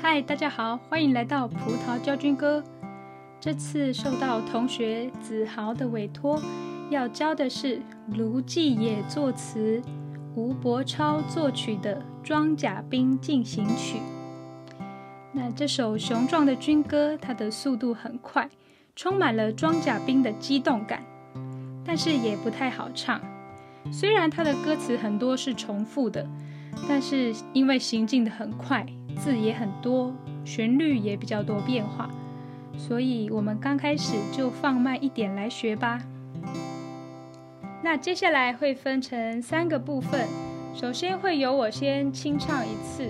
嗨，大家好，歡迎來到葡萄教軍歌。這次受到同學子豪的委託，要教的是盧冀野作詞、吳伯超作曲的《裝甲兵進行曲》。那這首雄壯的軍歌，它的速度很快。充滿了裝甲兵的機動感，但是也不太好唱。雖然它的歌詞很多是重複的，但是因為行進得很快，字也很多，旋律也比較多變化，所以我們剛開始就放慢一點來學吧。那接下來會分成三個部分，首先會由我先清唱一次。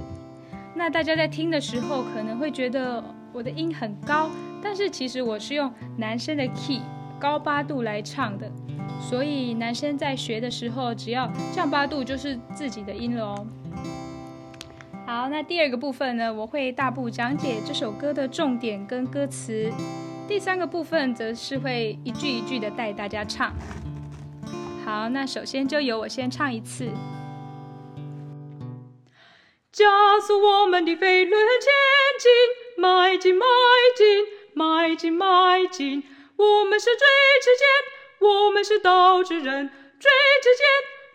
那大家在聽的時候可能會覺得我的音很高。但是其實我是用男生的 key 高八度來唱的，所以男生在學的時候只要降八度就是自己的音了哦。好，那第二個部分呢，我會大步講解這首歌的重點跟歌詞；第三個部分則是會一句一句的帶大家唱。好，那首先就由我先唱一次。加速我們的飛輪前進，邁進，邁進。邁進，邁進！我們是錐之尖，我們是刀之刃，錐之尖，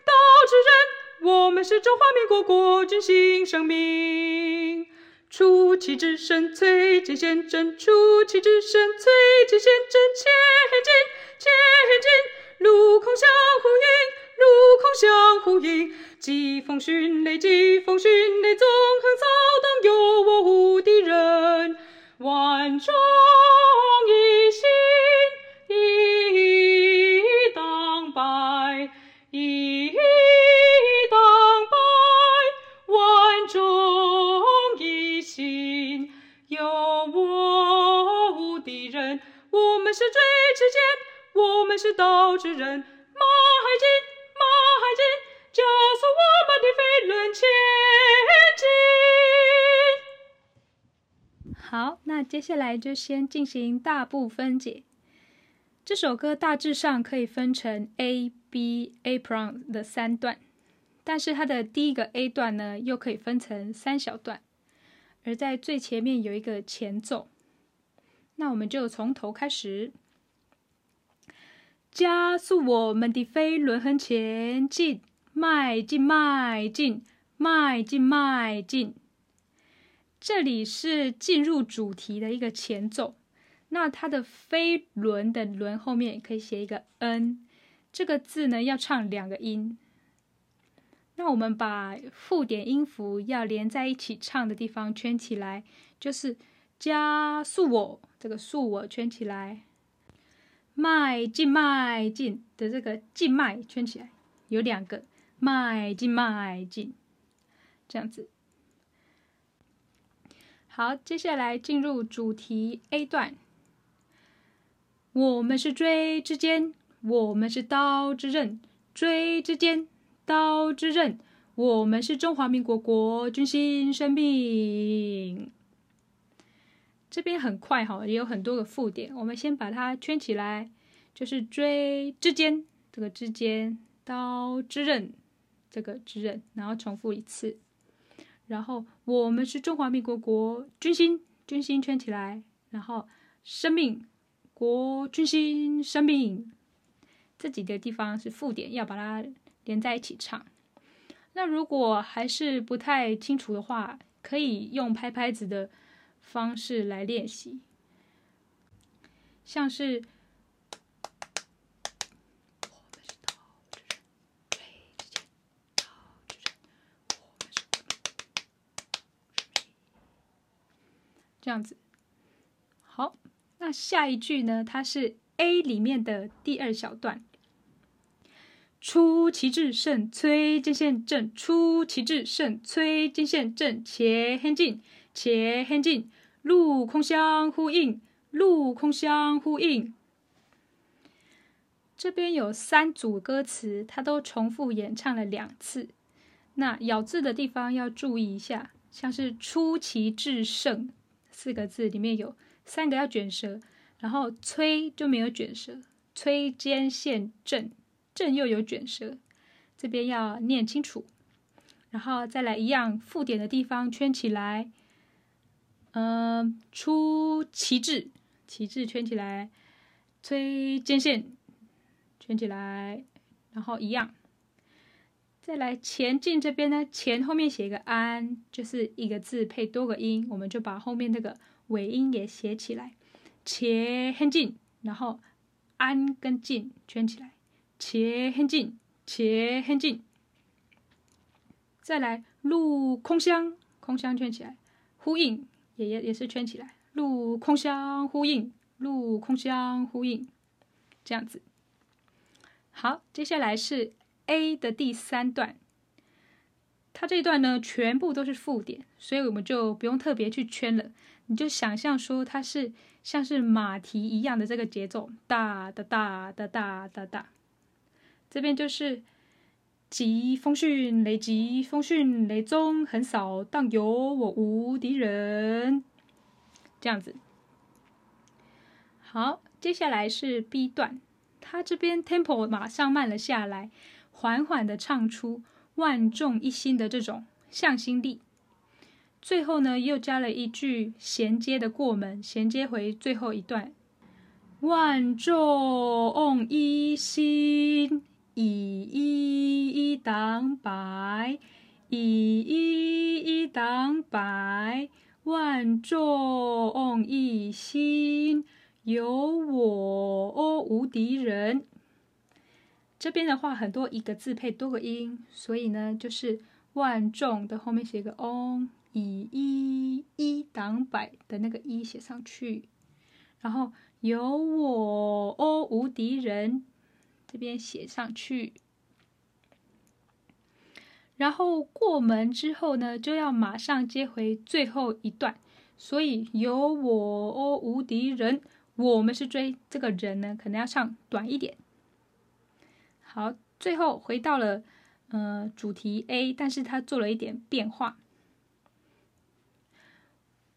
刀之刃。我們是中華民國國軍新生命，出奇制勝，摧堅陷陣，出奇制勝，摧堅陷陣，前進，前進！陸空相互應，陸空相互應，疾風迅雷，疾風迅雷，縱橫掃蕩，有我。前進。好，那接下來就先進行大部分解。這首歌大致上可以分成 A B A prime 的三段，但是它的第一個 A 段呢，又可以分成三小段，而在最前面有一個前奏。那我們就從頭開始，加速我們的飛輪，很前進，邁進，邁進。邁進，邁進。這裡是進入主題的一個前奏。那它的飛輪的輪後面可以寫一個 n，這個字呢要唱兩個音。那我們把附點音符要連在一起唱的地方圈起來，就是加速我這個速我圈起來，邁進邁進的這個進邁圈起來，有兩個邁進邁進。這樣子，好，接下來進入主題 A 段。我們是錐之尖，我們是刀之刃，錐之尖，刀之刃，我們是中華民國國軍新生命。這邊很快哈，也有很多個附點，我們先把它圈起來，就是錐之尖，這個之尖，刀之刃這個之刃，然後重複一次。然後我們是中華民國國軍新，軍新圈起來。然後生命、國軍新、生命這幾個地方是附點，要把它連在一起唱。那如果還是不太清楚的話，可以用拍拍子的方式來練習，像是。這樣子好，那下一句呢？它是 A 裡面的第二小段。出奇制勝，摧堅陷陣；出奇制勝，摧堅陷陣。前進，前進。陸空相呼應，陸空相呼應。這邊有三組歌詞，它都重複演唱了兩次。那咬字的地方要注意一下，像是出奇制勝。四個字裡面有三個要卷舌，然後“摧就沒有卷舌，“摧堅陷陣，陣又有卷舌，這邊要念清楚，然後再來一樣附點的地方圈起來，嗯、呃，出奇制，奇制圈起來，“摧”堅陷圈起來，然後一樣。再來前進這邊呢，前後面寫一個安，就是一個字配多個音，我們就把後面那個尾音也寫起來。前進，然後安跟進圈起來。前進，前進。再來陸空相，空相圈起來，互應也也也是圈起來。陸空相，互應，陸空相，互應，這樣子。好，接下來是。A 的第三段，它這一段呢全部都是附點，所以我們就不用特別去圈了。你就想象說它是像是馬蹄一樣的這個節奏，噠噠噠噠噠噠噠。這邊就是疾風迅雷，疾風迅雷縱橫掃蕩，有，很少但有我無敵人，這樣子。好，接下來是 B 段，它這邊 tempo 馬上慢了下來。緩緩地唱出萬眾一心的這種向心力，最後呢，又加了一句銜接的過門，銜接回最後一段。萬眾一心，以一一當百，以一一當百，萬眾一心，有我無敵人。這邊的話，很多一個字配多個音，所以呢，就是萬眾的後面寫個 “o”，以一一擋百的那個“一”寫上去，然後有我哦、oh，無敵人這邊寫上去，然後過門之後呢，就要馬上接回最後一段，所以有我哦、oh，無敵人，我們是追這個人呢，可能要唱短一點。好，最後回到了，呃，主題 A，但是它做了一點變化。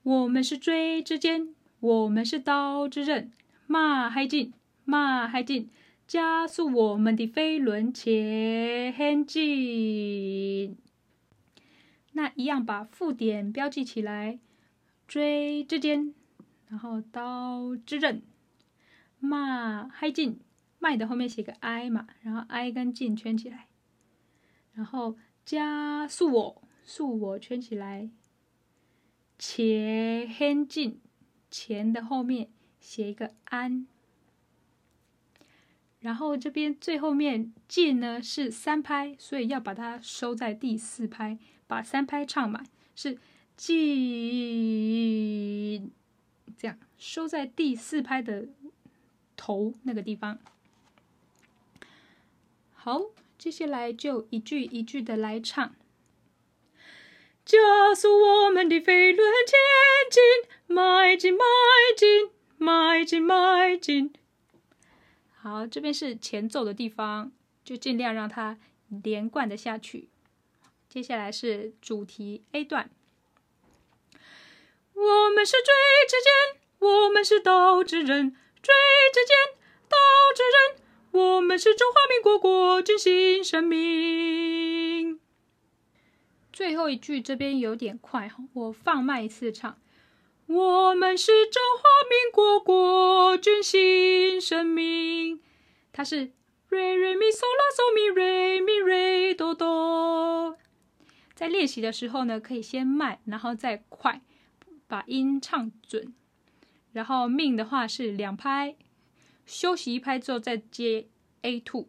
我們是錐之尖，我們是刀之刃，邁進，邁進，加速我們的飛輪前進。那一樣把附點標記起來，錐之尖，然後刀之刃，邁進。邁的後面寫個 i 嘛，然後 i 跟進圈起來，然後加速我速我圈起來，前進前，前的後面寫一個安，然後這邊最後面進呢，是三拍，所以要把它收在第四拍，把三拍唱滿，是進這樣收在第四拍的頭那個地方。好，接下來就一句一句的來唱。加速我們的飛輪前進，進，邁進，邁進，邁進，邁進。好，這邊是前奏的地方，就盡量讓它連貫的下去。接下來是主題 A 段。我們是錐之尖，我們是刀之刃，錐之尖，刀之刃。我們是中華民國國軍新生命。最後一句這邊有點快哈，我放慢一次唱。我們是中華民國國軍新生命。它是瑞瑞咪嗦啦嗦咪瑞咪瑞哆哆。在練習的時候呢，可以先慢，然後再快，把音唱準。然後命的話是兩拍。休息一拍之後再接 A two，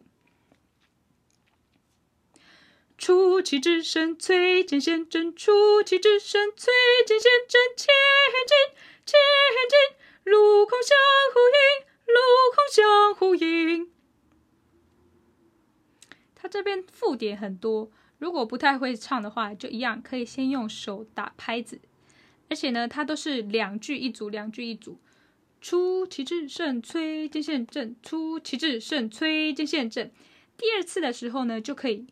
出奇制勝，摧堅陷陣，出奇制勝，摧堅陷陣，前進，前進，陸空相互應，陸空相互應。它這邊附點很多，如果不太會唱的話，就一樣可以先用手打拍子。而且呢，它都是兩句一組，兩句一組。出奇制勝，摧堅陷陣；出奇制勝，摧堅陷陣。第二次的時候呢，就可以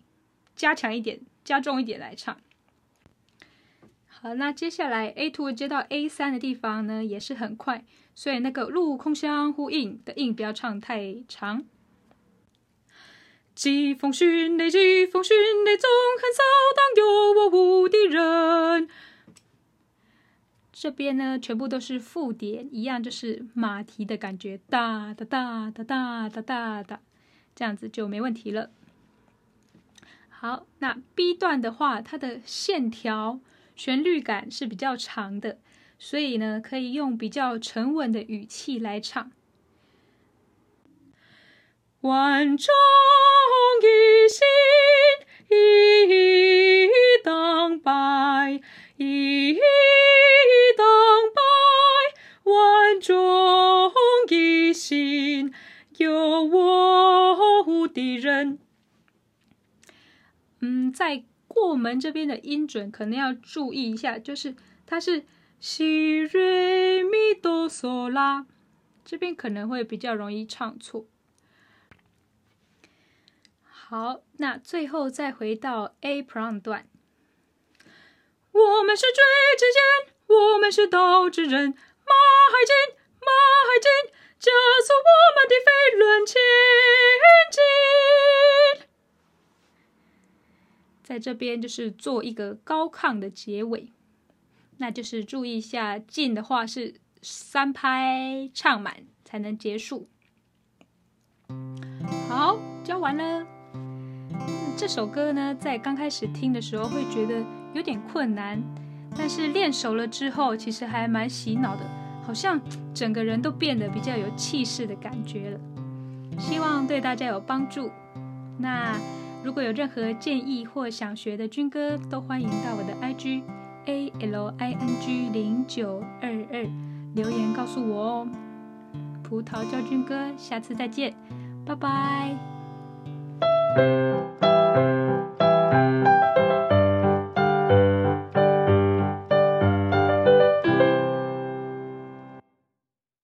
加強一點，加重一點來唱。好，那接下來 A two 接到 A 三的地方呢，也是很快，所以那個陸空相呼應的應不要唱太長。疾風迅雷，疾風迅雷，縱橫掃蕩，有我無敵人。這邊呢，全部都是附點，一樣就是馬蹄的感覺，噠，噠噠噠噠噠噠噠噠，這樣子就沒問題了。好，那 B 段的話，它的線條、旋律感是比較長的，所以呢，可以用比較沉穩的語氣來唱。萬眾一心，一當百，一。眾一心，有我無敵人。嗯，在過門這邊的音準，可能要注意一下，就是它是西、瑞、咪、哆、嗦、拉，這邊可能會比較容易唱錯。好，那最後再回到 A 平段，我們是錐之尖，我們是刀之刃。邁進，邁進，加速我們的飛輪前進。在這邊就是做一個高亢的結尾，那就是注意一下進的話是三拍唱滿才能結束。好，教完了。這首歌呢，在剛開始聽的時候會覺得有點困難，但是練熟了之後，其實還蠻洗腦的。好像整個人都變得比較有氣勢的感覺了，希望對大家有幫助。那如果有任何建議或想學的軍歌，都歡迎到我的 IG A L I N G 零九二二留言告訴我哦。葡萄教軍歌，下次再見，拜拜。